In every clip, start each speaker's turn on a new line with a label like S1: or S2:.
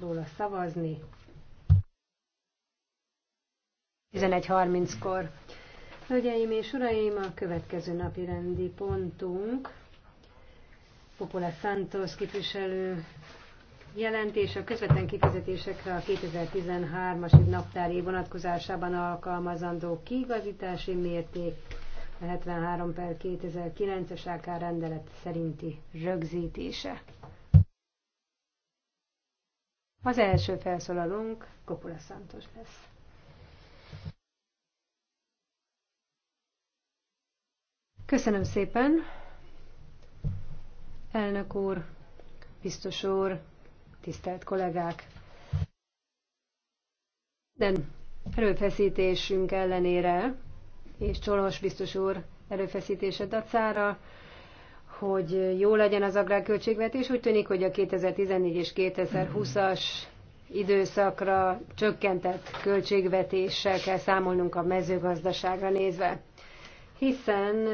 S1: róla szavazni.
S2: 11.30-kor.
S1: Hölgyeim és uraim, a következő napi rendi pontunk Popola Santos képviselő jelentés a közvetlen kifizetésekre a 2013-as naptári vonatkozásában alkalmazandó kiigazítási mérték a 73 per 2009-es AK rendelet szerinti rögzítése. Az első felszólalónk Kopula Szántos lesz. Köszönöm szépen, elnök úr, biztos úr, tisztelt kollégák! De erőfeszítésünk ellenére, és Csolos biztos úr erőfeszítése dacára, hogy jó legyen az agrárköltségvetés. Úgy tűnik, hogy a 2014 és 2020-as időszakra csökkentett költségvetéssel kell számolnunk a mezőgazdaságra nézve, hiszen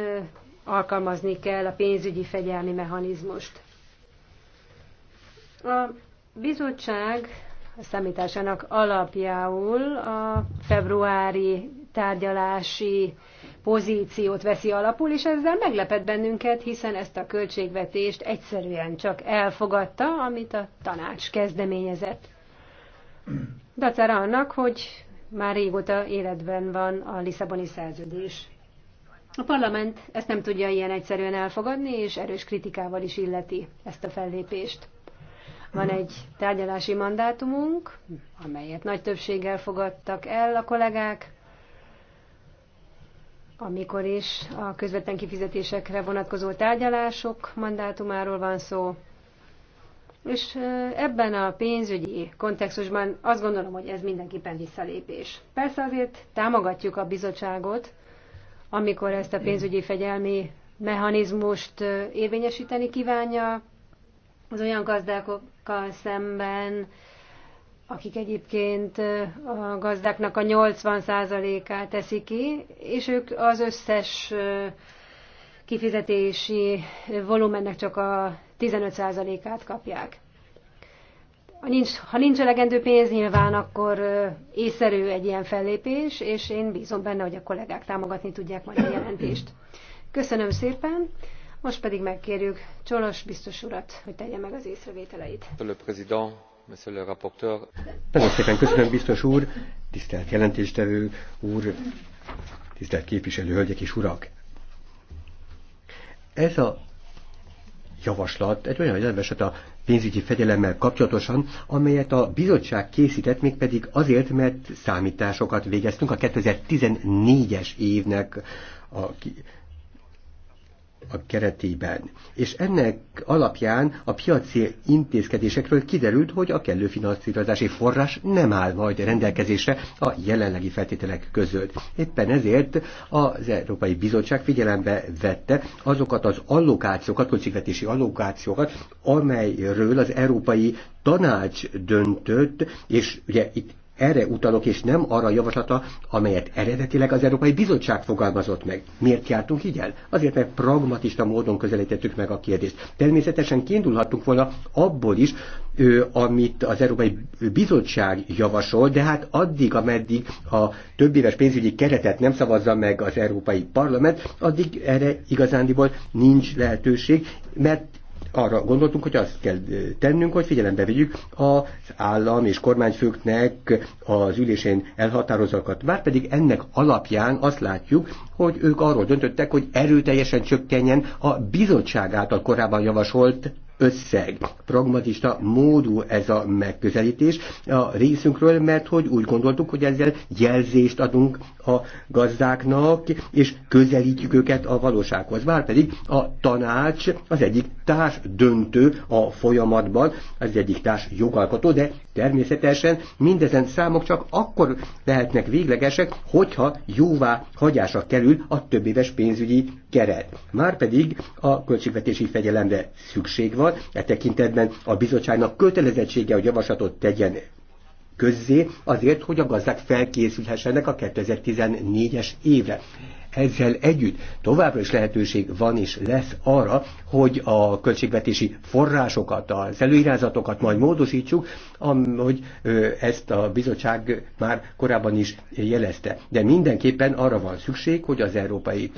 S1: alkalmazni kell a pénzügyi fegyelmi mechanizmust. A bizottság a számításának alapjául a februári tárgyalási pozíciót veszi alapul, és ezzel meglepett bennünket, hiszen ezt a költségvetést egyszerűen csak elfogadta, amit a tanács kezdeményezett. Dacára annak, hogy már régóta életben van a Lisszaboni szerződés. A parlament ezt nem tudja ilyen egyszerűen elfogadni, és erős kritikával is illeti ezt a fellépést. Van egy tárgyalási mandátumunk, amelyet nagy többséggel fogadtak el a kollégák, amikor is a közvetlen kifizetésekre vonatkozó tárgyalások mandátumáról van szó. És ebben a pénzügyi kontextusban azt gondolom, hogy ez mindenképpen visszalépés. Persze azért támogatjuk a bizottságot, amikor ezt a pénzügyi fegyelmi mechanizmust érvényesíteni kívánja az olyan gazdákkal szemben, akik egyébként a gazdáknak a 80%-át teszik ki, és ők az összes kifizetési volumennek csak a 15%-át kapják. Ha nincs, ha nincs elegendő pénz, nyilván akkor észszerű egy ilyen fellépés, és én bízom benne, hogy a kollégák támogatni tudják majd a jelentést. Köszönöm szépen, most pedig megkérjük Csolos biztos urat, hogy tegye meg az észrevételeit.
S2: Le président monsieur le rapporteur. Nagyon szépen köszönöm, biztos úr, tisztelt jelentéstevő úr, tisztelt képviselő hölgyek és urak. Ez a javaslat, egy olyan javaslat a pénzügyi fegyelemmel kapcsolatosan, amelyet a bizottság készített, mégpedig azért, mert számításokat végeztünk a 2014-es évnek a a keretében. És ennek alapján a piaci intézkedésekről kiderült, hogy a kellő finanszírozási forrás nem áll majd rendelkezésre a jelenlegi feltételek között. Éppen ezért az Európai Bizottság figyelembe vette azokat az allokációkat, költségvetési allokációkat, amelyről az Európai Tanács döntött, és ugye itt erre utalok, és nem arra a javaslata, amelyet eredetileg az Európai Bizottság fogalmazott meg. Miért jártunk így el? Azért, mert pragmatista módon közelítettük meg a kérdést. Természetesen kiindulhattunk volna abból is, amit az Európai Bizottság javasol, de hát addig, ameddig a több éves pénzügyi keretet nem szavazza meg az Európai Parlament, addig erre igazándiból nincs lehetőség, mert arra gondoltunk, hogy azt kell tennünk, hogy figyelembe vegyük az állam és kormányfőknek az ülésén elhatározókat. pedig ennek alapján azt látjuk, hogy ők arról döntöttek, hogy erőteljesen csökkenjen a bizottság által korábban javasolt összeg. Pragmatista módú ez a megközelítés a részünkről, mert hogy úgy gondoltuk, hogy ezzel jelzést adunk a gazdáknak, és közelítjük őket a valósághoz. Márpedig a tanács az egyik társ döntő a folyamatban, az egyik társ jogalkotó, de természetesen mindezen számok csak akkor lehetnek véglegesek, hogyha jóvá hagyásra kerül a többéves pénzügyi keret. Márpedig a költségvetési fegyelemre szükség van, javaslatával. E tekintetben a bizottságnak kötelezettsége, hogy javaslatot tegyen közzé, azért, hogy a gazdák felkészülhessenek a 2014-es évre ezzel együtt továbbra is lehetőség van és lesz arra, hogy a költségvetési forrásokat, a előirányzatokat majd módosítsuk, ahogy ezt a bizottság már korábban is jelezte. De mindenképpen arra van szükség, hogy az Európai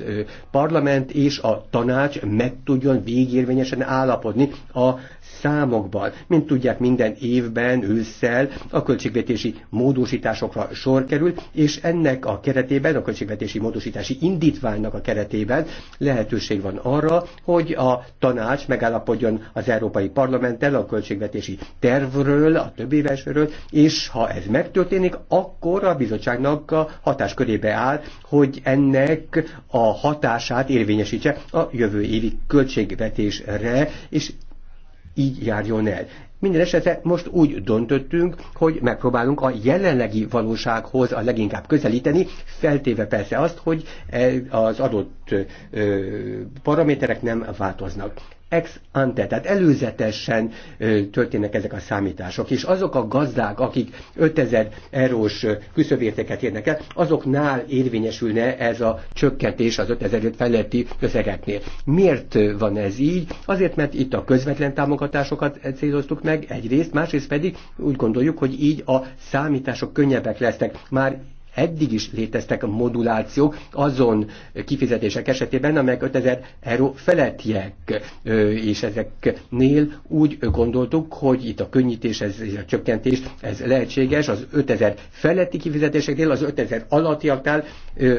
S2: Parlament és a tanács meg tudjon végérvényesen állapodni a számokban. Mint tudják, minden évben, ősszel a költségvetési módosításokra sor kerül, és ennek a keretében, a költségvetési módosítási indítványnak a keretében lehetőség van arra, hogy a tanács megállapodjon az Európai Parlamenttel a költségvetési tervről, a több évesről, és ha ez megtörténik, akkor a bizottságnak a hatáskörébe áll, hogy ennek a hatását érvényesítse a jövő évi költségvetésre, és így járjon el. Minden esetre most úgy döntöttünk, hogy megpróbálunk a jelenlegi valósághoz a leginkább közelíteni, feltéve persze azt, hogy e, az adott paraméterek nem változnak ex ante, tehát előzetesen ö, történnek ezek a számítások, és azok a gazdák, akik 5000 eurós küszöbértéket érnek el, azoknál érvényesülne ez a csökkentés az 5000 feletti összegeknél. Miért van ez így? Azért, mert itt a közvetlen támogatásokat e, céloztuk meg egyrészt, másrészt pedig úgy gondoljuk, hogy így a számítások könnyebbek lesznek. Már eddig is léteztek modulációk azon kifizetések esetében, amelyek 5000 euró felettiek, és ezeknél úgy gondoltuk, hogy itt a könnyítés, ez, a csökkentés, ez lehetséges, az 5000 feletti kifizetéseknél, az 5000 alattiaknál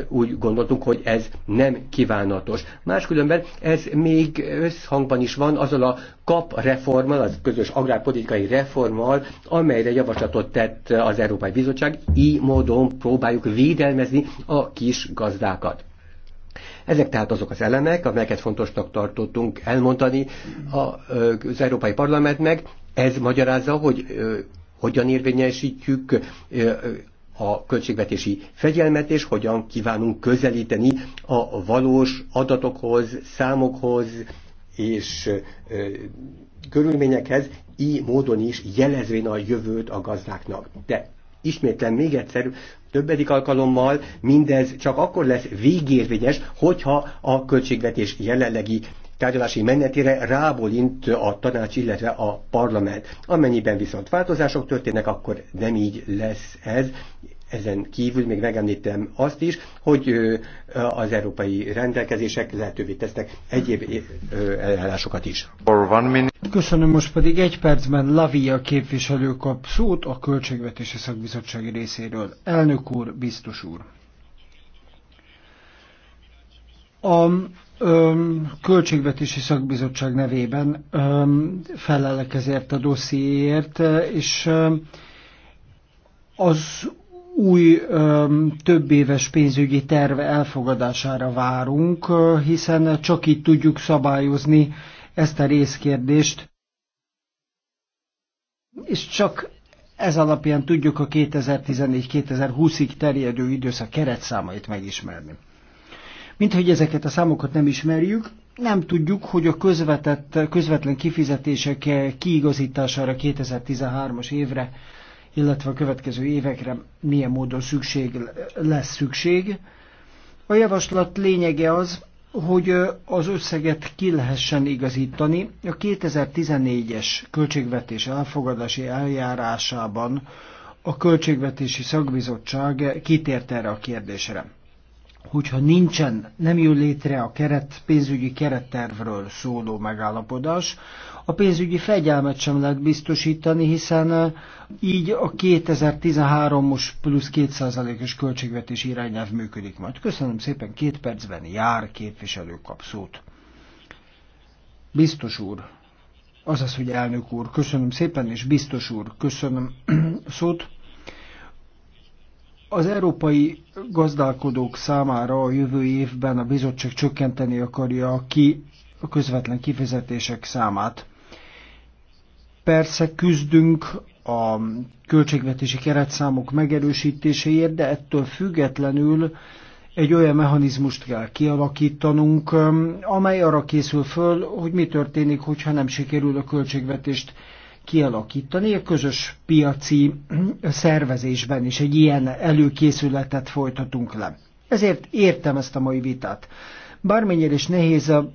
S2: úgy gondoltuk, hogy ez nem kívánatos. Máskülönben ez még összhangban is van azzal a kap reformmal, az közös agrárpolitikai reformmal, amelyre javaslatot tett az Európai Bizottság, így módon próbál megpróbáljuk védelmezni a kis gazdákat. Ezek tehát azok az elemek, amelyeket fontosnak tartottunk elmondani az Európai Parlamentnek. Ez magyarázza, hogy hogyan érvényesítjük a költségvetési fegyelmet, és hogyan kívánunk közelíteni a valós adatokhoz, számokhoz és körülményekhez, így módon is jelezvén a jövőt a gazdáknak. De ismétlen még egyszer, többedik alkalommal mindez csak akkor lesz végérvényes, hogyha a költségvetés jelenlegi tárgyalási menetére int a tanács, illetve a parlament. Amennyiben viszont változások történnek, akkor nem így lesz ez, ezen kívül még megemlítem azt is, hogy az európai rendelkezések lehetővé tesznek egyéb eljárásokat is.
S3: Köszönöm, most pedig egy percben Lavia képviselő kap szót a Költségvetési Szakbizottság részéről. Elnök úr, biztos úr. A öm, Költségvetési Szakbizottság nevében öm, felelek ezért a dossziéért, és öm, az új több éves pénzügyi terve elfogadására várunk, hiszen csak így tudjuk szabályozni ezt a részkérdést, és csak ez alapján tudjuk a 2014-2020-ig terjedő időszak keretszámait megismerni. Mint hogy ezeket a számokat nem ismerjük, nem tudjuk, hogy a közvetett, közvetlen kifizetések kiigazítására 2013-as évre illetve a következő évekre milyen módon szükség lesz szükség. A javaslat lényege az, hogy az összeget ki lehessen igazítani. A 2014-es költségvetés elfogadási eljárásában a Költségvetési Szakbizottság kitért erre a kérdésre hogyha nincsen, nem jön létre a keret, pénzügyi kerettervről szóló megállapodás, a pénzügyi fegyelmet sem lehet biztosítani, hiszen így a 2013-os plusz 2%-os költségvetés irányelv működik majd. Köszönöm szépen, két percben jár képviselő kap szót. Biztos úr, azaz, hogy elnök úr, köszönöm szépen, és biztos úr, köszönöm szót. Az európai gazdálkodók számára a jövő évben a bizottság csökkenteni akarja ki a közvetlen kifizetések számát. Persze küzdünk a költségvetési keretszámok megerősítéséért, de ettől függetlenül egy olyan mechanizmust kell kialakítanunk, amely arra készül föl, hogy mi történik, hogyha nem sikerül a költségvetést kialakítani. A közös piaci szervezésben is egy ilyen előkészületet folytatunk le. Ezért értem ezt a mai vitát. Bármennyire is nehéz a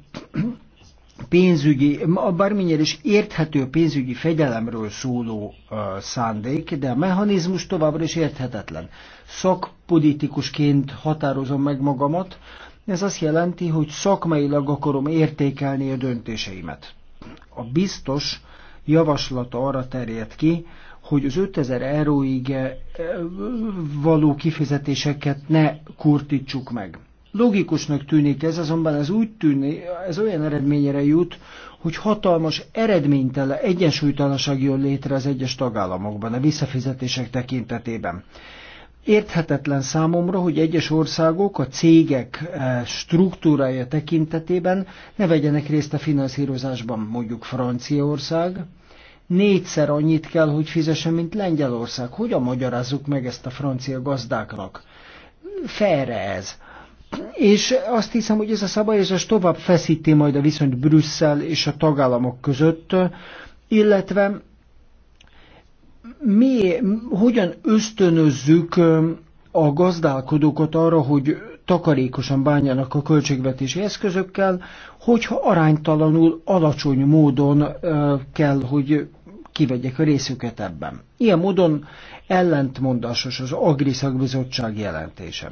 S3: pénzügyi, bármennyire is érthető pénzügyi fegyelemről szóló szándék, de a mechanizmus továbbra is érthetetlen. Szakpolitikusként határozom meg magamat, ez azt jelenti, hogy szakmailag akarom értékelni a döntéseimet. A biztos javaslata arra terjed ki, hogy az 5000 euróig eh, való kifizetéseket ne kurtítsuk meg. Logikusnak tűnik ez, azonban ez úgy tűnik, ez olyan eredményre jut, hogy hatalmas eredménytelen egyensúlytalanság jön létre az egyes tagállamokban a visszafizetések tekintetében. Érthetetlen számomra, hogy egyes országok a cégek eh, struktúrája tekintetében ne vegyenek részt a finanszírozásban, mondjuk Franciaország. Négyszer annyit kell, hogy fizessen, mint Lengyelország. Hogyan magyarázzuk meg ezt a francia gazdáknak? Felre ez. És azt hiszem, hogy ez a szabályozás tovább feszíti majd a viszonyt Brüsszel és a tagállamok között, illetve mi hogyan ösztönözzük a gazdálkodókat arra, hogy takarékosan bánjanak a költségvetési eszközökkel, hogyha aránytalanul alacsony módon kell, hogy kivegyek a részüket ebben. Ilyen módon ellentmondásos az Agri Szakbizottság jelentése.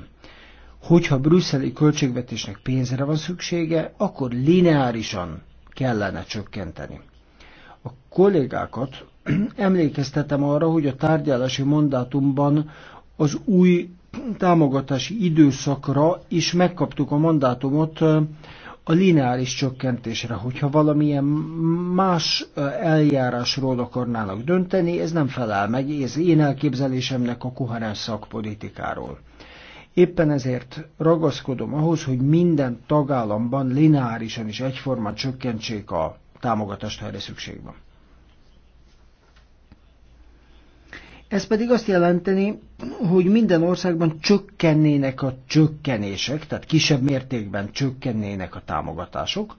S3: Hogyha brüsszeli költségvetésnek pénzre van szüksége, akkor lineárisan kellene csökkenteni. A kollégákat Emlékeztetem arra, hogy a tárgyalási mandátumban az új támogatási időszakra is megkaptuk a mandátumot a lineáris csökkentésre. Hogyha valamilyen más eljárásról akarnának dönteni, ez nem felel meg, ez én elképzelésemnek a koherens szakpolitikáról. Éppen ezért ragaszkodom ahhoz, hogy minden tagállamban lineárisan és egyformán csökkentsék a támogatást, ha erre szükség van. Ez pedig azt jelenteni, hogy minden országban csökkennének a csökkenések, tehát kisebb mértékben csökkennének a támogatások.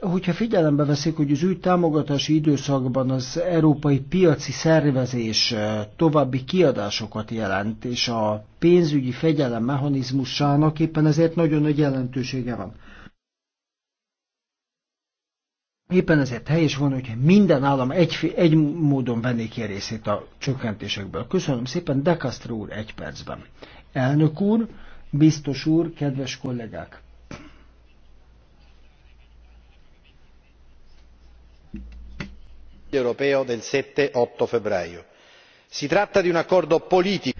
S3: Hogyha figyelembe veszik, hogy az új támogatási időszakban az európai piaci szervezés eh, további kiadásokat jelent, és a pénzügyi fegyelem mechanizmusának éppen ezért nagyon nagy jelentősége van. Éppen ezért helyes van, hogyha minden állam egy, egy módon venné ki a részét a csökkentésekből. Köszönöm szépen, De Castro úr, egy percben. Elnök úr, biztos úr, kedves kollégák!
S2: europeo del 7-8 februári. Si tratta di un accordo politico.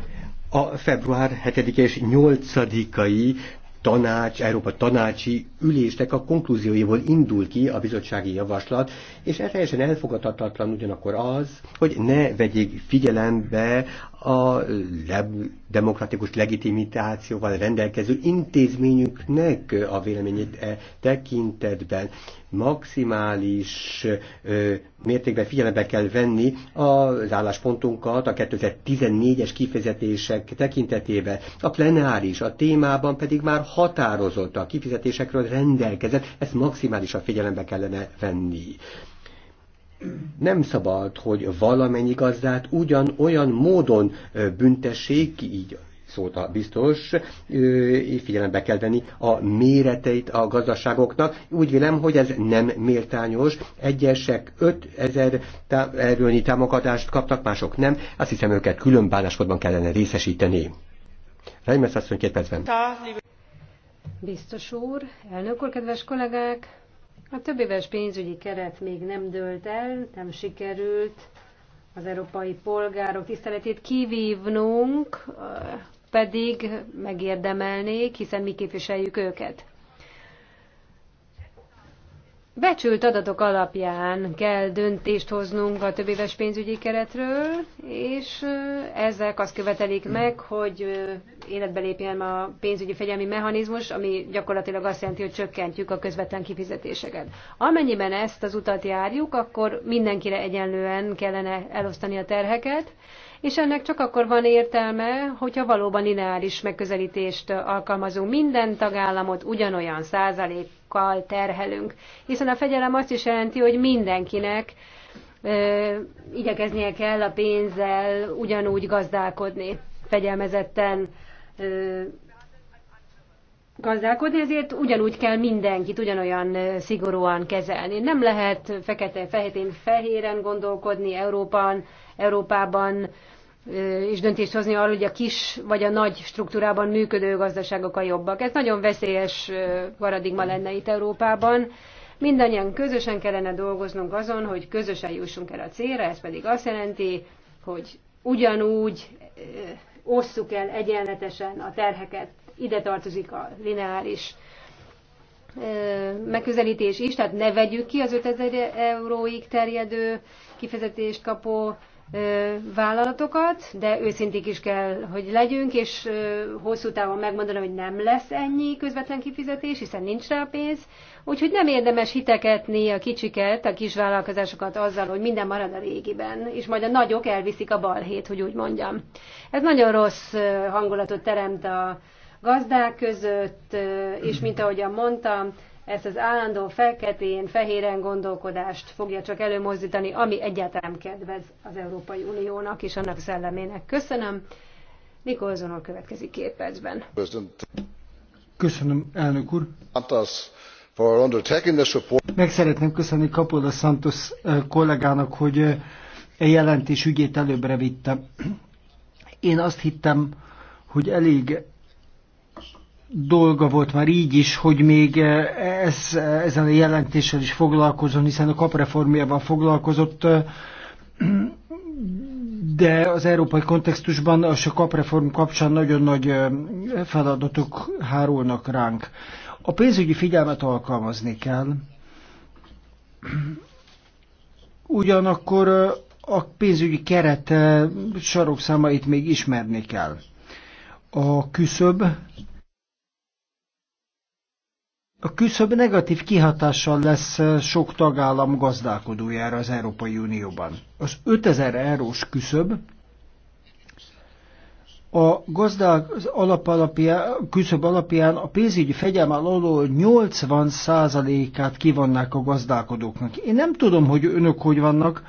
S2: A február 7 és 8-ai tanács, Európa tanácsi ülésnek a konklúzióiból indul ki a bizottsági javaslat, és ez teljesen elfogadhatatlan ugyanakkor az, hogy ne vegyék figyelembe a demokratikus legitimitációval rendelkező intézményüknek a véleményét e tekintetben maximális ö, mértékben figyelembe kell venni az álláspontunkat a 2014-es kifizetések tekintetében. A plenáris a témában pedig már határozott a kifizetésekről rendelkezett, ezt maximálisan figyelembe kellene venni nem szabad, hogy valamennyi gazdát ugyan olyan módon büntessék, így szólt a biztos, figyelembe kell venni a méreteit a gazdaságoknak. Úgy vélem, hogy ez nem méltányos. Egyesek 5000 erőnyi támogatást kaptak, mások nem. Azt hiszem, őket külön bánáskodban kellene részesíteni. Reimers asszony, két percben.
S1: Biztos úr, elnök úr, kedves kollégák! A több éves pénzügyi keret még nem dőlt el, nem sikerült az európai polgárok tiszteletét kivívnunk, pedig megérdemelnék, hiszen mi képviseljük őket. Becsült adatok alapján kell döntést hoznunk a többéves pénzügyi keretről, és ezek azt követelik meg, hogy életbe lépjen a pénzügyi fegyelmi mechanizmus, ami gyakorlatilag azt jelenti, hogy csökkentjük a közvetlen kifizetéseket. Amennyiben ezt az utat járjuk, akkor mindenkire egyenlően kellene elosztani a terheket, és ennek csak akkor van értelme, hogyha valóban lineáris megközelítést alkalmazunk. Minden tagállamot ugyanolyan százalékkal terhelünk, hiszen a fegyelem azt is jelenti, hogy mindenkinek ö, igyekeznie kell a pénzzel ugyanúgy gazdálkodni, fegyelmezetten ö, gazdálkodni, ezért ugyanúgy kell mindenkit ugyanolyan szigorúan kezelni. Nem lehet fekete-fehetén-fehéren gondolkodni Európán, Európában és döntést hozni arról, hogy a kis vagy a nagy struktúrában működő gazdaságok a jobbak. Ez nagyon veszélyes paradigma lenne itt Európában. Mindannyian közösen kellene dolgoznunk azon, hogy közösen jussunk el a célra, ez pedig azt jelenti, hogy ugyanúgy osszuk el egyenletesen a terheket. Ide tartozik a lineáris megközelítés is, tehát ne vegyük ki az 5000 euróig terjedő kifizetést kapó vállalatokat, de őszintén is kell, hogy legyünk, és hosszú távon megmondani, hogy nem lesz ennyi közvetlen kifizetés, hiszen nincs rá pénz. Úgyhogy nem érdemes hiteketni a kicsiket, a kis vállalkozásokat, azzal, hogy minden marad a régiben, és majd a nagyok elviszik a balhét, hogy úgy mondjam. Ez nagyon rossz hangulatot teremt a gazdák között, és mint ahogyan mondtam, ezt az állandó feketén, fehéren gondolkodást fogja csak előmozdítani, ami egyáltalán kedvez az Európai Uniónak és annak szellemének. Köszönöm. Nikolzon a következik két percben.
S3: Köszönöm, elnök úr. Meg szeretném köszönni Kapola Santos eh, kollégának, hogy a eh, e jelentés ügyét előbbre vitte. Én azt hittem, hogy elég dolga volt már így is, hogy még eh, ez, ezen a jelentéssel is foglalkozom, hiszen a kapreformjával foglalkozott, eh, de az európai kontextusban a kapreform kapcsán nagyon nagy eh, feladatok hárulnak ránk. A pénzügyi figyelmet alkalmazni kell, ugyanakkor a pénzügyi keret sarokszámait még ismerni kell. A küszöb a küszöb negatív kihatással lesz eh, sok tagállam gazdálkodójára az Európai Unióban. Az 5000 eurós küszöb a gazdák alap alapján, küszöb alapján a pénzügyi fegyelm alól 80%-át kivonnák a gazdálkodóknak. Én nem tudom, hogy önök hogy vannak,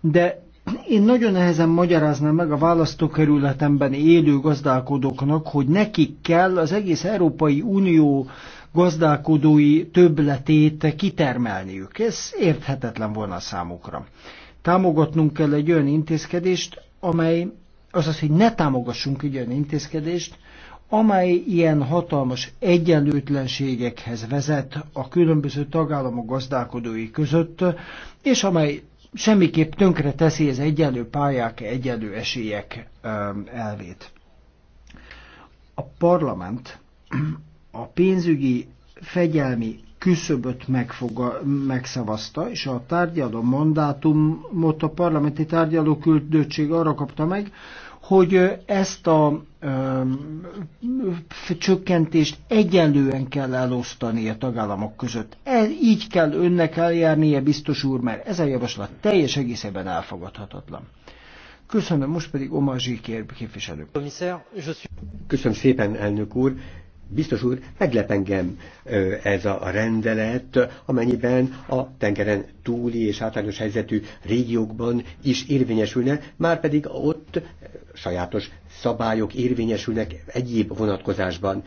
S3: de én nagyon nehezen magyaráznám meg a választókerületemben élő gazdálkodóknak, hogy nekik kell az egész Európai Unió gazdálkodói többletét kitermelniük. Ez érthetetlen volna a számukra. Támogatnunk kell egy olyan intézkedést, amely, azaz, hogy ne támogassunk egy olyan intézkedést, amely ilyen hatalmas egyenlőtlenségekhez vezet a különböző tagállamok gazdálkodói között, és amely semmiképp tönkre teszi az egyenlő pályák, egyenlő esélyek elvét. A parlament a pénzügyi fegyelmi küszöböt megfoga, megszavazta, és a tárgyaló mandátumot a parlamenti tárgyaló küldöttség arra kapta meg, hogy ezt a ö, csökkentést egyenlően kell elosztani a tagállamok között. Ez, így kell önnek eljárnie, biztos úr, mert ez a javaslat teljes egészében elfogadhatatlan. Köszönöm,
S2: most pedig Omar Zsikér képviselő. Köszönöm szépen, elnök úr. Biztos úr, meglep engem ez a rendelet, amennyiben a tengeren túli és általános helyzetű régiókban is érvényesülne, már pedig ott sajátos szabályok érvényesülnek egyéb vonatkozásban.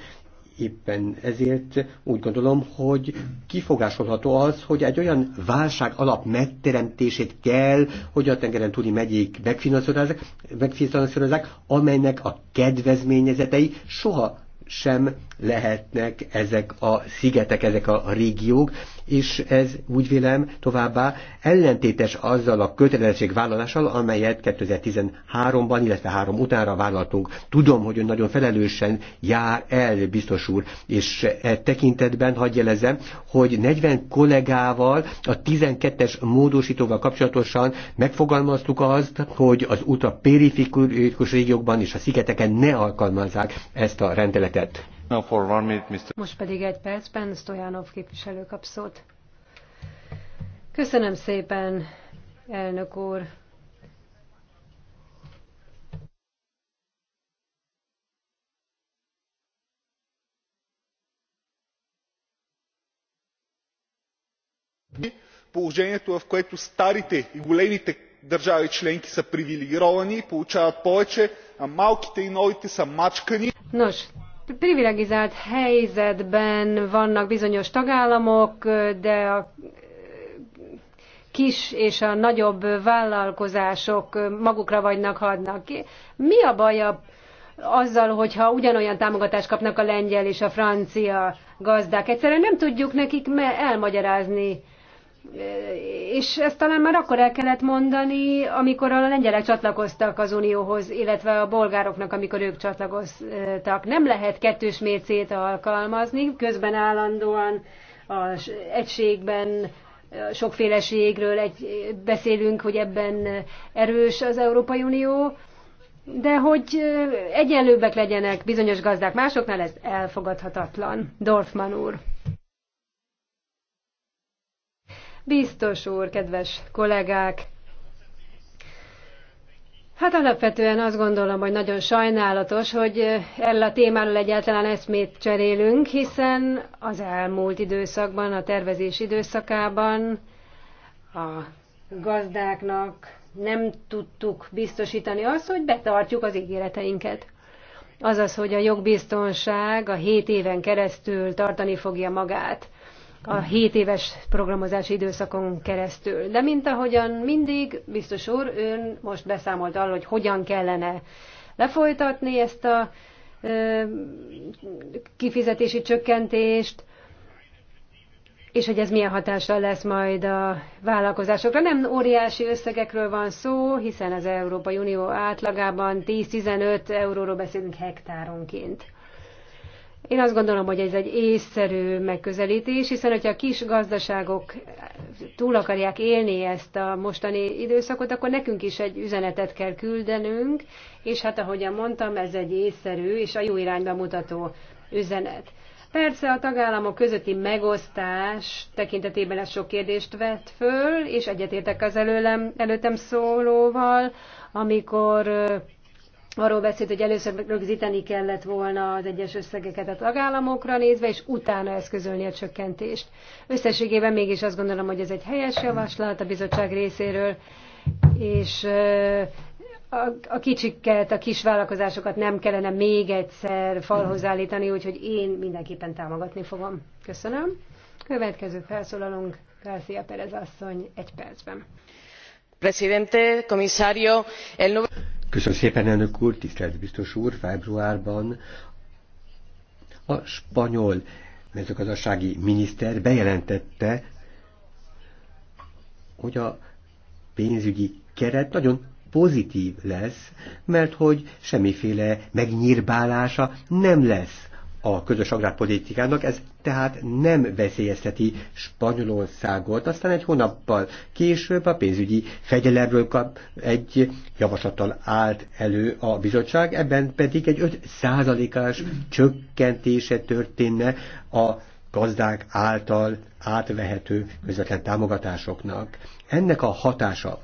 S2: Éppen ezért úgy gondolom, hogy kifogásolható az, hogy egy olyan válság alap megteremtését kell, hogy a tengeren túli megyék megfinanszírozzák, megfinanszírozzák amelynek a kedvezményezetei soha sem lehetnek ezek a szigetek, ezek a régiók, és ez úgy vélem továbbá ellentétes azzal a kötelezettségvállalással, amelyet 2013-ban, illetve három utánra vállaltunk. Tudom, hogy ön nagyon felelősen jár el, biztos úr, és e tekintetben hagyj jelezem, hogy 40 kollégával a 12-es módosítóval kapcsolatosan megfogalmaztuk azt, hogy az ultraperiférikus régiókban és a szigeteken ne alkalmazzák ezt a rendeletet helyzet.
S1: Most pedig egy percben Stojanov képviselő kap szót. Köszönöm szépen, elnök úr. положението в което старите и големите държави членки са привилегировани получават повече а малките и новите са мачкани privilegizált helyzetben vannak bizonyos tagállamok, de a kis és a nagyobb vállalkozások magukra vagynak hadnak. Mi a baj a azzal, hogyha ugyanolyan támogatást kapnak a lengyel és a francia gazdák. Egyszerűen nem tudjuk nekik elmagyarázni és ezt talán már akkor el kellett mondani, amikor a lengyelek csatlakoztak az Unióhoz, illetve a bolgároknak, amikor ők csatlakoztak. Nem lehet kettős mércét alkalmazni, közben állandóan az egységben sokféleségről egy, beszélünk, hogy ebben erős az Európai Unió, de hogy egyenlőbbek legyenek bizonyos gazdák másoknál, ez elfogadhatatlan. Dorfman úr. Biztos úr, kedves kollégák! Hát alapvetően azt gondolom, hogy nagyon sajnálatos, hogy erről a témáról egyáltalán eszmét cserélünk, hiszen az elmúlt időszakban, a tervezés időszakában a gazdáknak nem tudtuk biztosítani azt, hogy betartjuk az ígéreteinket. Azaz, hogy a jogbiztonság a hét éven keresztül tartani fogja magát a 7 éves programozási időszakon keresztül. De mint ahogyan mindig, biztos úr, ön most beszámolt arról, hogy hogyan kellene lefolytatni ezt a ö, kifizetési csökkentést, és hogy ez milyen hatással lesz majd a vállalkozásokra. Nem óriási összegekről van szó, hiszen az Európai Unió átlagában 10-15 euróról beszélünk hektáronként. Én azt gondolom, hogy ez egy észszerű megközelítés, hiszen hogyha a kis gazdaságok túl akarják élni ezt a mostani időszakot, akkor nekünk is egy üzenetet kell küldenünk, és hát ahogyan mondtam, ez egy észszerű és a jó irányba mutató üzenet. Persze a tagállamok közötti megosztás tekintetében ez sok kérdést vett föl, és egyetértek az előlem, előttem szólóval, amikor arról beszélt, hogy először rögzíteni kellett volna az egyes összegeket a tagállamokra nézve, és utána eszközölni a csökkentést. Összességében mégis azt gondolom, hogy ez egy helyes javaslat a bizottság részéről, és a kicsiket, a vállalkozásokat nem kellene még egyszer falhoz állítani, úgyhogy én mindenképpen támogatni fogom. Köszönöm. Következő felszólalunk, García Perez asszony, egy percben. Presidente, komisario, el
S2: Köszönöm szépen, elnök úr, tisztelt biztos úr, februárban a spanyol mezőgazdasági miniszter bejelentette, hogy a pénzügyi keret nagyon pozitív lesz, mert hogy semmiféle megnyírbálása nem lesz a közös agrárpolitikának, ez tehát nem veszélyezteti Spanyolországot. Aztán egy hónappal később a pénzügyi fegyelemről kap egy javaslattal állt elő a bizottság, ebben pedig egy 5%-ás csökkentése történne a gazdák által átvehető közvetlen támogatásoknak. Ennek a hatása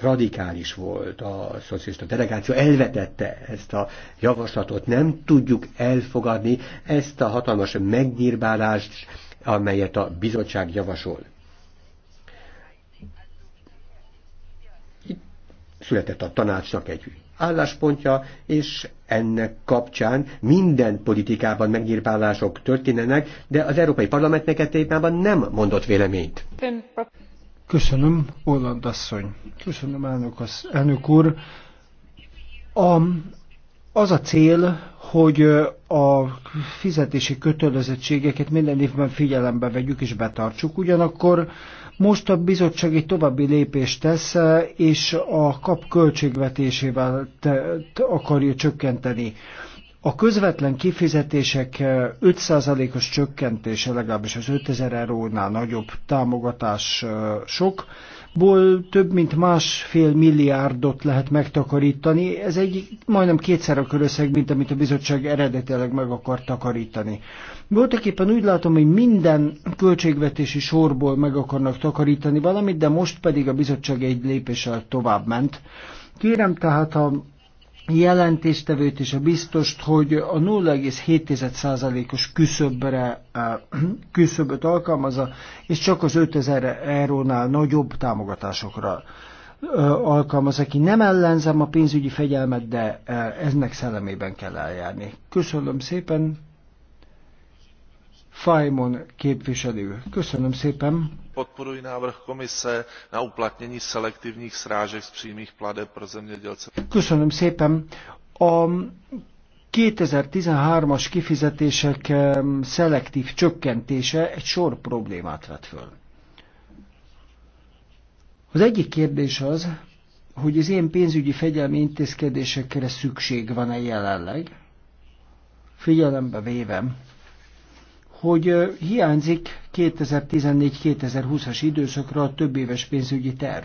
S2: radikális volt, a szocialista delegáció elvetette ezt a javaslatot, nem tudjuk elfogadni ezt a hatalmas megnyírbálást, amelyet a bizottság javasol. Itt született a tanácsnak egy álláspontja, és ennek kapcsán minden politikában megnyírbálások történnek, de az Európai Parlamentnek e nem mondott véleményt.
S3: Köszönöm, Holland asszony. Köszönöm, elnök, az, elnök úr. A, az a cél, hogy a fizetési kötelezettségeket minden évben figyelembe vegyük és betartsuk. Ugyanakkor most a bizottság egy további lépést tesz, és a kap költségvetésével akarja csökkenteni a közvetlen kifizetések 5%-os eh, csökkentése, legalábbis az 5000 eurónál nagyobb támogatás eh, ból több mint másfél milliárdot lehet megtakarítani. Ez egy majdnem kétszer a körösszeg, mint amit a bizottság eredetileg meg akar takarítani. Voltak éppen úgy látom, hogy minden költségvetési sorból meg akarnak takarítani valamit, de most pedig a bizottság egy lépéssel tovább ment. Kérem tehát a jelentéstevőt és a biztost, hogy a 0,7%-os küszöbre, küszöböt alkalmazza, és csak az 5000 eurónál nagyobb támogatásokra alkalmaz, aki nem ellenzem a pénzügyi fegyelmet, de eznek szellemében kell eljárni. Köszönöm szépen, Fajmon képviselő. Köszönöm szépen
S1: podporuji návrh komise na uplatnění selektivních srážek z přímých plateb pro zemědělce.
S3: Köszönöm szépen. A 2013-as kifizetések szelektív csökkentése egy sor problémát vet föl. Az egyik kérdés az, hogy az ilyen pénzügyi fegyelmi intézkedésekre szükség van-e jelenleg, figyelembe véve, hogy hiányzik 2014-2020-as időszakra a több éves pénzügyi terv.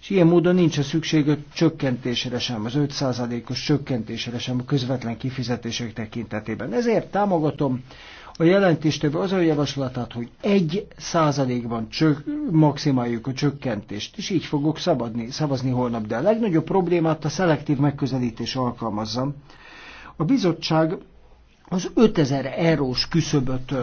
S3: És ilyen módon nincs a szükség a csökkentésre sem, az 5%-os csökkentésre sem a közvetlen kifizetések tekintetében. Ezért támogatom a jelentéstevő az a javaslatát, hogy 1%-ban maximáljuk a csökkentést, és így fogok szabadni, szavazni holnap, de a legnagyobb problémát a szelektív megközelítés alkalmazza. A bizottság az 5000 eurós küszöböt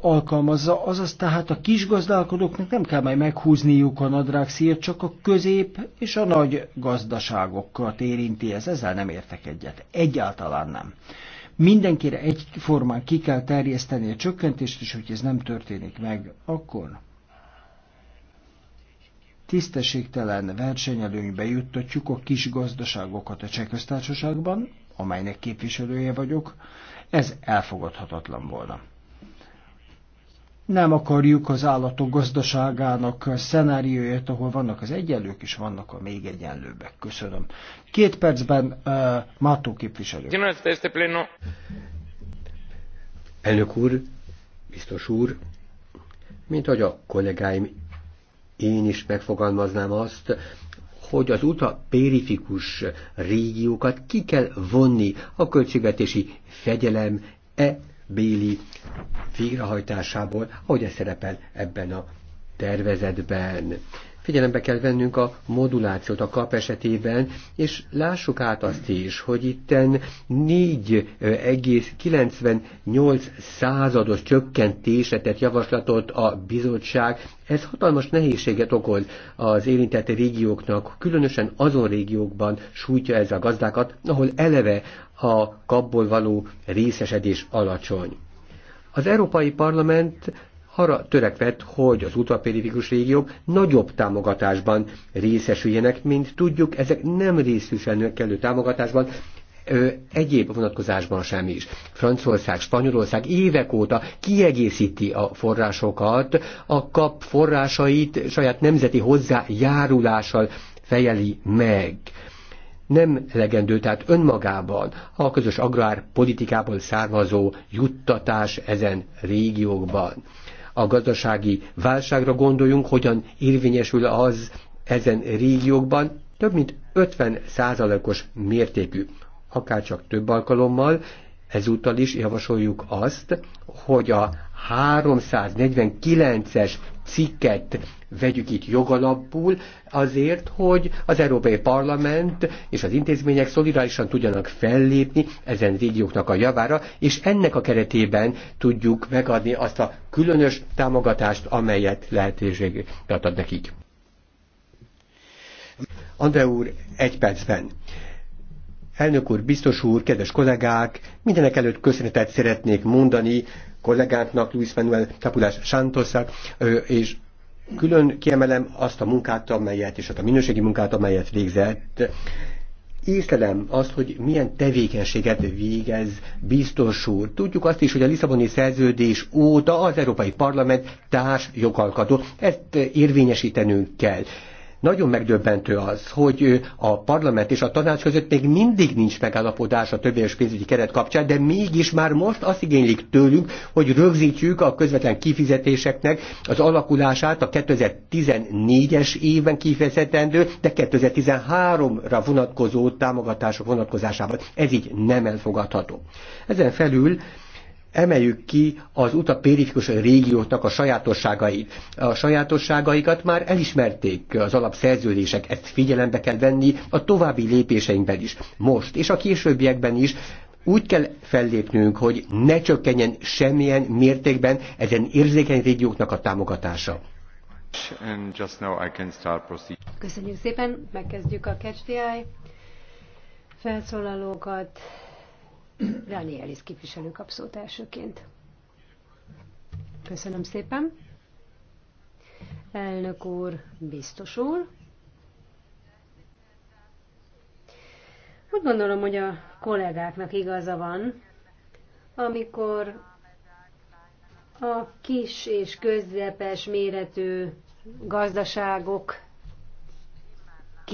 S3: alkalmazza, azaz tehát a kisgazdálkodóknak nem kell majd meghúzniuk a nadrágszíjat, csak a közép és a nagy gazdaságokat érinti ez, ezzel nem értek egyet. Egyáltalán nem. Mindenkire egyformán ki kell terjeszteni a csökkentést, és hogy ez nem történik meg, akkor tisztességtelen versenyelőnybe juttatjuk a kis gazdaságokat a Csehköztársaságban, amelynek képviselője vagyok, ez elfogadhatatlan volna. Nem akarjuk az állatok gazdaságának szenárióját, ahol vannak az egyenlők, és vannak a még egyenlőbbek. Köszönöm. Két percben uh, Mátó képviselő.
S2: Elnök úr, biztos úr, mint ahogy a kollégáim, én is megfogalmaznám azt, hogy az périfikus régiókat ki kell vonni a költségvetési fegyelem e béli végrehajtásából, ahogy ez szerepel ebben a tervezetben. Figyelembe kell vennünk a modulációt a kap esetében, és lássuk át azt is, hogy itten 4,98 százados csökkentésre tett javaslatot a bizottság. Ez hatalmas nehézséget okoz az érintett régióknak, különösen azon régiókban sújtja ez a gazdákat, ahol eleve a kapból való részesedés alacsony. Az Európai Parlament arra törekvett, hogy az ultraperifikus régiók nagyobb támogatásban részesüljenek, mint tudjuk, ezek nem részesülnek kellő támogatásban, ö, egyéb vonatkozásban sem is. Franciaország, Spanyolország évek óta kiegészíti a forrásokat, a kap forrásait saját nemzeti hozzájárulással fejeli meg nem legendő, tehát önmagában a közös agrárpolitikából származó juttatás ezen régiókban a gazdasági válságra gondoljunk, hogyan érvényesül az ezen régiókban, több mint 50 százalékos mértékű, akárcsak több alkalommal, Ezúttal is javasoljuk azt, hogy a 349-es cikket vegyük itt jogalapul azért, hogy az Európai Parlament és az intézmények szolidárisan tudjanak fellépni ezen régióknak a javára, és ennek a keretében tudjuk megadni azt a különös támogatást, amelyet lehetőséget ad nekik. André úr, egy percben. Elnök úr, biztos úr, kedves kollégák, mindenek előtt köszönetet szeretnék mondani kollégánknak, Luis Manuel Tapulás Santosak, és külön kiemelem azt a munkát, amelyet, és azt a minőségi munkát, amelyet végzett. Észlelem azt, hogy milyen tevékenységet végez biztos úr. Tudjuk azt is, hogy a Lisszaboni szerződés óta az Európai Parlament társ jogalkató. Ezt érvényesítenünk kell. Nagyon megdöbbentő az, hogy a parlament és a tanács között még mindig nincs megállapodás a többéves pénzügyi keret kapcsán, de mégis már most azt igénylik tőlünk, hogy rögzítjük a közvetlen kifizetéseknek az alakulását a 2014-es évben kifizetendő, de 2013-ra vonatkozó támogatások vonatkozásában. Ez így nem elfogadható. Ezen felül emeljük ki az utapérifikus régióknak a sajátosságait. A sajátosságaikat már elismerték az alapszerződések, ezt figyelembe kell venni a további lépéseinkben is, most és a későbbiekben is, úgy kell fellépnünk, hogy ne csökkenjen semmilyen mértékben ezen érzékeny régióknak a támogatása.
S1: Köszönjük szépen, megkezdjük a Eye felszólalókat. Elis képviselő kapszót elsőként. Köszönöm szépen. Elnök úr, biztos úr. Úgy gondolom, hogy a kollégáknak igaza van, amikor a kis és közepes méretű gazdaságok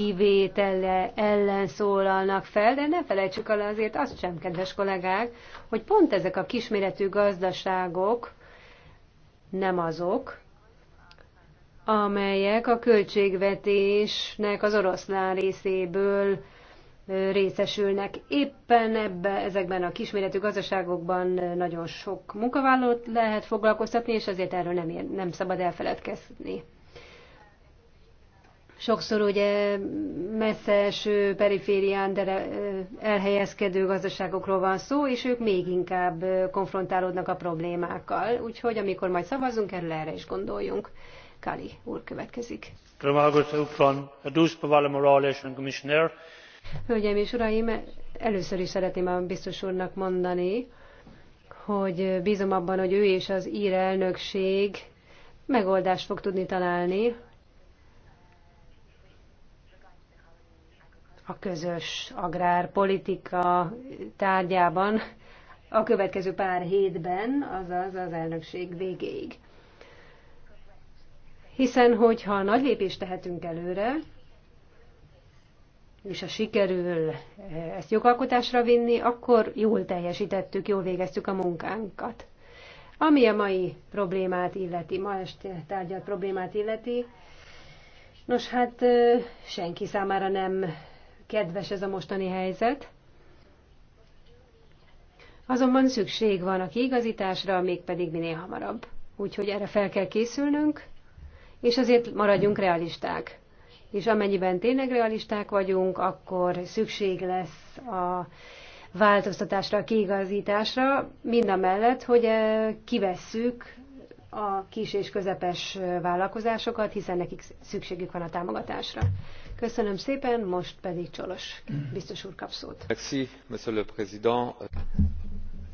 S1: kivétele ellen szólalnak fel, de ne felejtsük el azért azt sem, kedves kollégák, hogy pont ezek a kisméretű gazdaságok nem azok, amelyek a költségvetésnek az oroszlán részéből részesülnek. Éppen ebbe, ezekben a kisméretű gazdaságokban nagyon sok munkavállalót lehet foglalkoztatni, és azért erről nem, nem szabad elfeledkezni sokszor ugye messze eső periférián de eh, elhelyezkedő gazdaságokról van szó, és ők még inkább eh, konfrontálódnak a problémákkal. Úgyhogy amikor majd szavazunk, erről erre is gondoljunk. Kali úr következik. Hölgyeim és uraim, először is szeretném a biztos úrnak mondani, hogy bízom abban, hogy ő és az ír elnökség megoldást fog tudni találni a közös agrárpolitika tárgyában a következő pár hétben, azaz az elnökség végéig. Hiszen, hogyha nagy lépést tehetünk előre, és ha sikerül eh, ezt jogalkotásra vinni, akkor jól teljesítettük, jól végeztük a munkánkat. Ami a mai problémát illeti, ma este tárgyalt problémát illeti, nos hát eh, senki számára nem kedves ez a mostani helyzet. Azonban szükség van a kiigazításra, mégpedig minél hamarabb. Úgyhogy erre fel kell készülnünk, és azért maradjunk realisták. És amennyiben tényleg realisták vagyunk, akkor szükség lesz a változtatásra, a kiigazításra, mind a mellett, hogy eh, kivesszük a kis és közepes eh, vállalkozásokat, hiszen nekik szükségük van a támogatásra. Köszönöm szépen, most pedig Csolos biztos úr kap szót.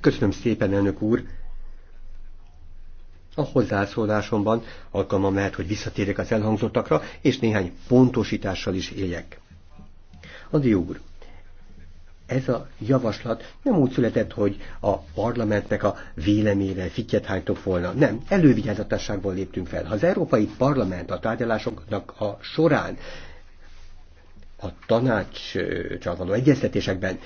S2: Köszönöm szépen, elnök úr. A hozzászólásomban alkalmam lehet, hogy visszatérek az elhangzottakra, és néhány pontosítással is éljek. Andi úr, ez a javaslat nem úgy született, hogy a parlamentnek a véleményre fittyet hánytok volna. Nem, elővigyázatosságból léptünk fel. Ha az Európai Parlament a tárgyalásoknak a során a tanácssal való egyeztetésekben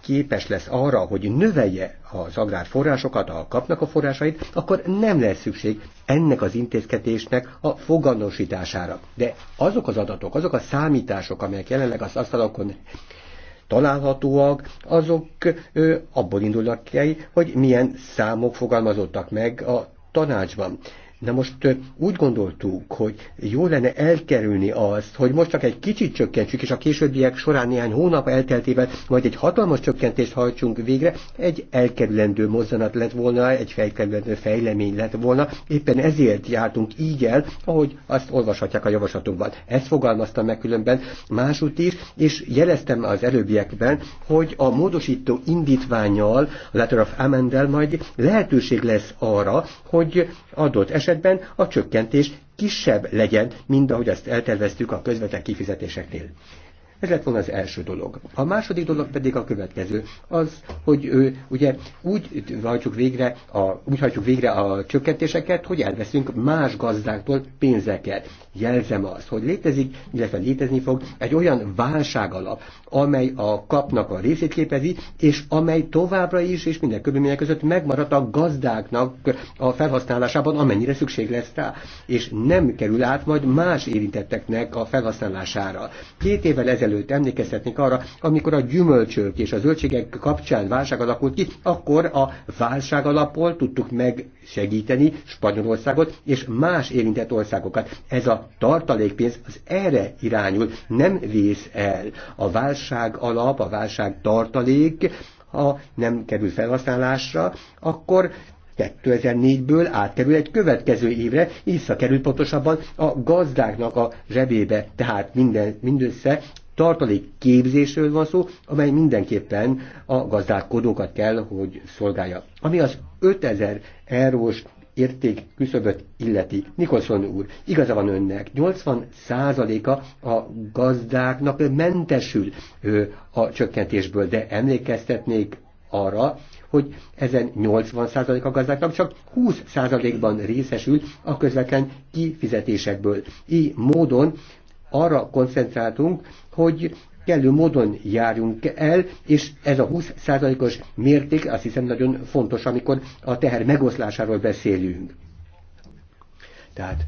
S2: képes lesz arra, hogy növelje az agrárforrásokat, a kapnak a forrásait, akkor nem lesz szükség ennek az intézkedésnek a foganosítására. De azok az adatok, azok a számítások, amelyek jelenleg az asztalokon találhatóak, azok ö, abból indulnak ki, hogy milyen számok fogalmazottak meg a tanácsban. Na most úgy gondoltuk, hogy jó lenne elkerülni azt, hogy most csak egy kicsit csökkentsük, és a későbbiek során néhány hónap elteltével majd egy hatalmas csökkentést hajtsunk végre, egy elkerülendő mozzanat lett volna, egy felkerülendő fejlemény lett volna, éppen ezért jártunk így el, ahogy azt olvashatják a javaslatunkban. Ezt fogalmaztam meg különben másút is, és jeleztem az előbbiekben, hogy a módosító indítványal, a Letter of Amendel majd lehetőség lesz arra, hogy adott esetben esetben a csökkentés kisebb legyen, mint ahogy ezt elterveztük a közvetlen kifizetéseknél. Ez lett volna az első dolog. A második dolog pedig a következő, az, hogy ő, ugye úgy hajtjuk végre a, úgy hajtjuk végre a csökkentéseket, hogy elveszünk más gazdáktól pénzeket. Jelzem azt, hogy létezik, illetve létezni fog egy olyan válságalap, amely a kapnak a részét képezi, és amely továbbra is és minden körülmények között megmarad a gazdáknak a felhasználásában, amennyire szükség lesz rá, és nem kerül át majd más érintetteknek a felhasználására. Két évvel ezelőtt előtt emlékeztetnék arra, amikor a gyümölcsök és a zöldségek kapcsán válság alakult ki, akkor a válság alapból tudtuk megsegíteni Spanyolországot és más érintett országokat. Ez a tartalékpénz az erre irányul, nem vész el. A válság alap, a válság tartalék, ha nem kerül felhasználásra, akkor 2004-ből átkerül egy következő évre, visszakerül pontosabban a gazdáknak a zsebébe, tehát minden, mindössze tartalék képzésről van szó, amely mindenképpen a gazdálkodókat kell, hogy szolgálja. Ami az 5000 eurós érték küszöböt illeti. Nikolson úr, igaza van önnek, 80%-a a gazdáknak mentesül a csökkentésből, de emlékeztetnék arra, hogy ezen 80% a gazdáknak csak 20%-ban részesül a közvetlen kifizetésekből. Így módon arra koncentráltunk, hogy kellő módon járjunk el, és ez a 20%-os mérték azt hiszem nagyon fontos, amikor a teher megoszlásáról beszélünk. Tehát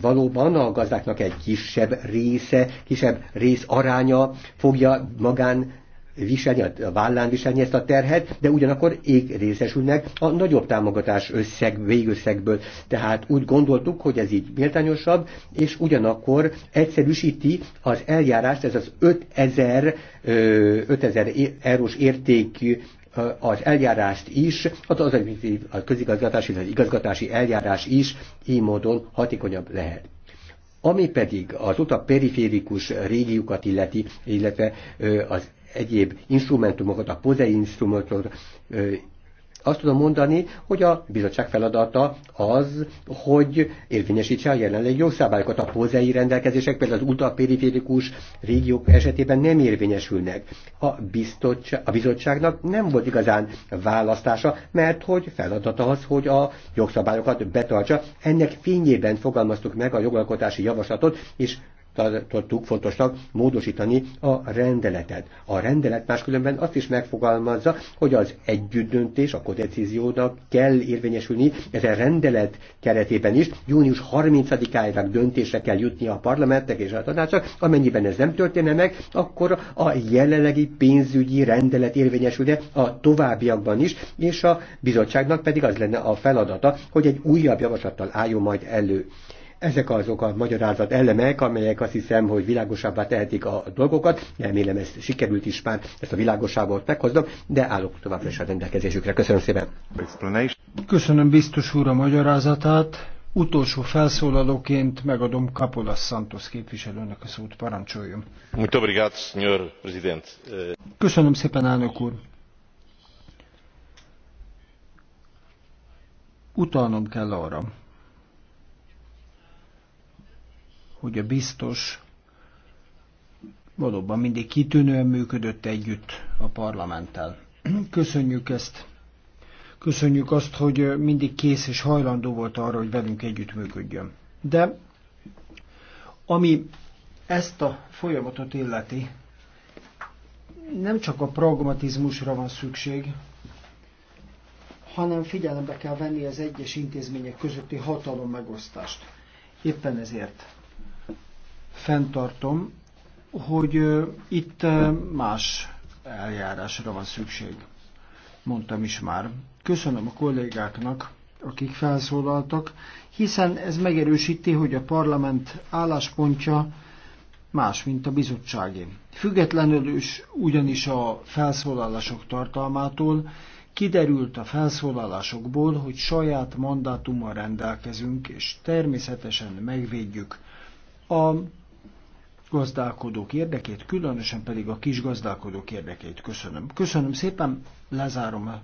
S2: valóban a gazdáknak egy kisebb része, kisebb rész aránya fogja magán viselni, a vállán viselni ezt a terhet, de ugyanakkor ég részesülnek a nagyobb támogatás összeg, végösszegből. Tehát úgy gondoltuk, hogy ez így méltányosabb, és ugyanakkor egyszerűsíti az eljárást, ez az 5000, 5000 eurós értékű az eljárást is, hát az adminisztratív, a közigazgatási, az igazgatási eljárás is így módon hatékonyabb lehet. Ami pedig az utak periférikus régiókat illeti, illetve az egyéb instrumentumokat, a pozei instrumentumokat, azt tudom mondani, hogy a bizottság feladata az, hogy érvényesítse a jelenlegi jogszabályokat. A pozei rendelkezések például az ultraperiférikus régiók esetében nem érvényesülnek. A, a bizottságnak nem volt igazán választása, mert hogy feladata az, hogy a jogszabályokat betartsa. Ennek fényében fogalmaztuk meg a jogalkotási javaslatot, és tartottuk fontosnak módosítani a rendeletet. A rendelet máskülönben azt is megfogalmazza, hogy az együttdöntés, a kodecíziónak kell érvényesülni, ez a rendelet keretében is június 30 ára döntésre kell jutni a parlamentnek és a tanácsnak, amennyiben ez nem történne meg, akkor a jelenlegi pénzügyi rendelet érvényesülne a továbbiakban is, és a bizottságnak pedig az lenne a feladata, hogy egy újabb javaslattal álljon majd elő. Ezek azok a magyarázat elemek, amelyek azt hiszem, hogy világosabbá tehetik a dolgokat. Remélem ezt sikerült is már, ezt a világosságot meghoznom, de állok továbbra is a rendelkezésükre. Köszönöm szépen.
S3: Köszönöm biztos úr a magyarázatát. Utolsó felszólalóként megadom Kapolas Santos képviselőnek a szót, parancsoljon. Köszönöm szépen, elnök úr. Utalnom kell arra, hogy a biztos valóban mindig kitűnően működött együtt a parlamenttel. Köszönjük ezt. Köszönjük azt, hogy mindig kész és hajlandó volt arra, hogy velünk együtt működjön. De ami ezt a folyamatot illeti, nem csak a pragmatizmusra van szükség, hanem figyelembe kell venni az egyes intézmények közötti hatalom megosztást. Éppen ezért fenntartom, hogy itt más eljárásra van szükség. Mondtam is már. Köszönöm a kollégáknak, akik felszólaltak, hiszen ez megerősíti, hogy a parlament álláspontja más, mint a bizottságé. Függetlenül is ugyanis a felszólalások tartalmától kiderült a felszólalásokból, hogy saját mandátummal rendelkezünk, és természetesen megvédjük a gazdálkodók érdekét, különösen pedig a kis gazdálkodók érdekét. Köszönöm. Köszönöm szépen, lezárom a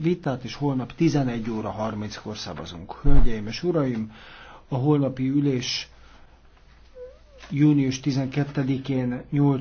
S3: vitát, és holnap 11 óra 30-kor szavazunk. Hölgyeim és uraim, a holnapi ülés június 12-én 8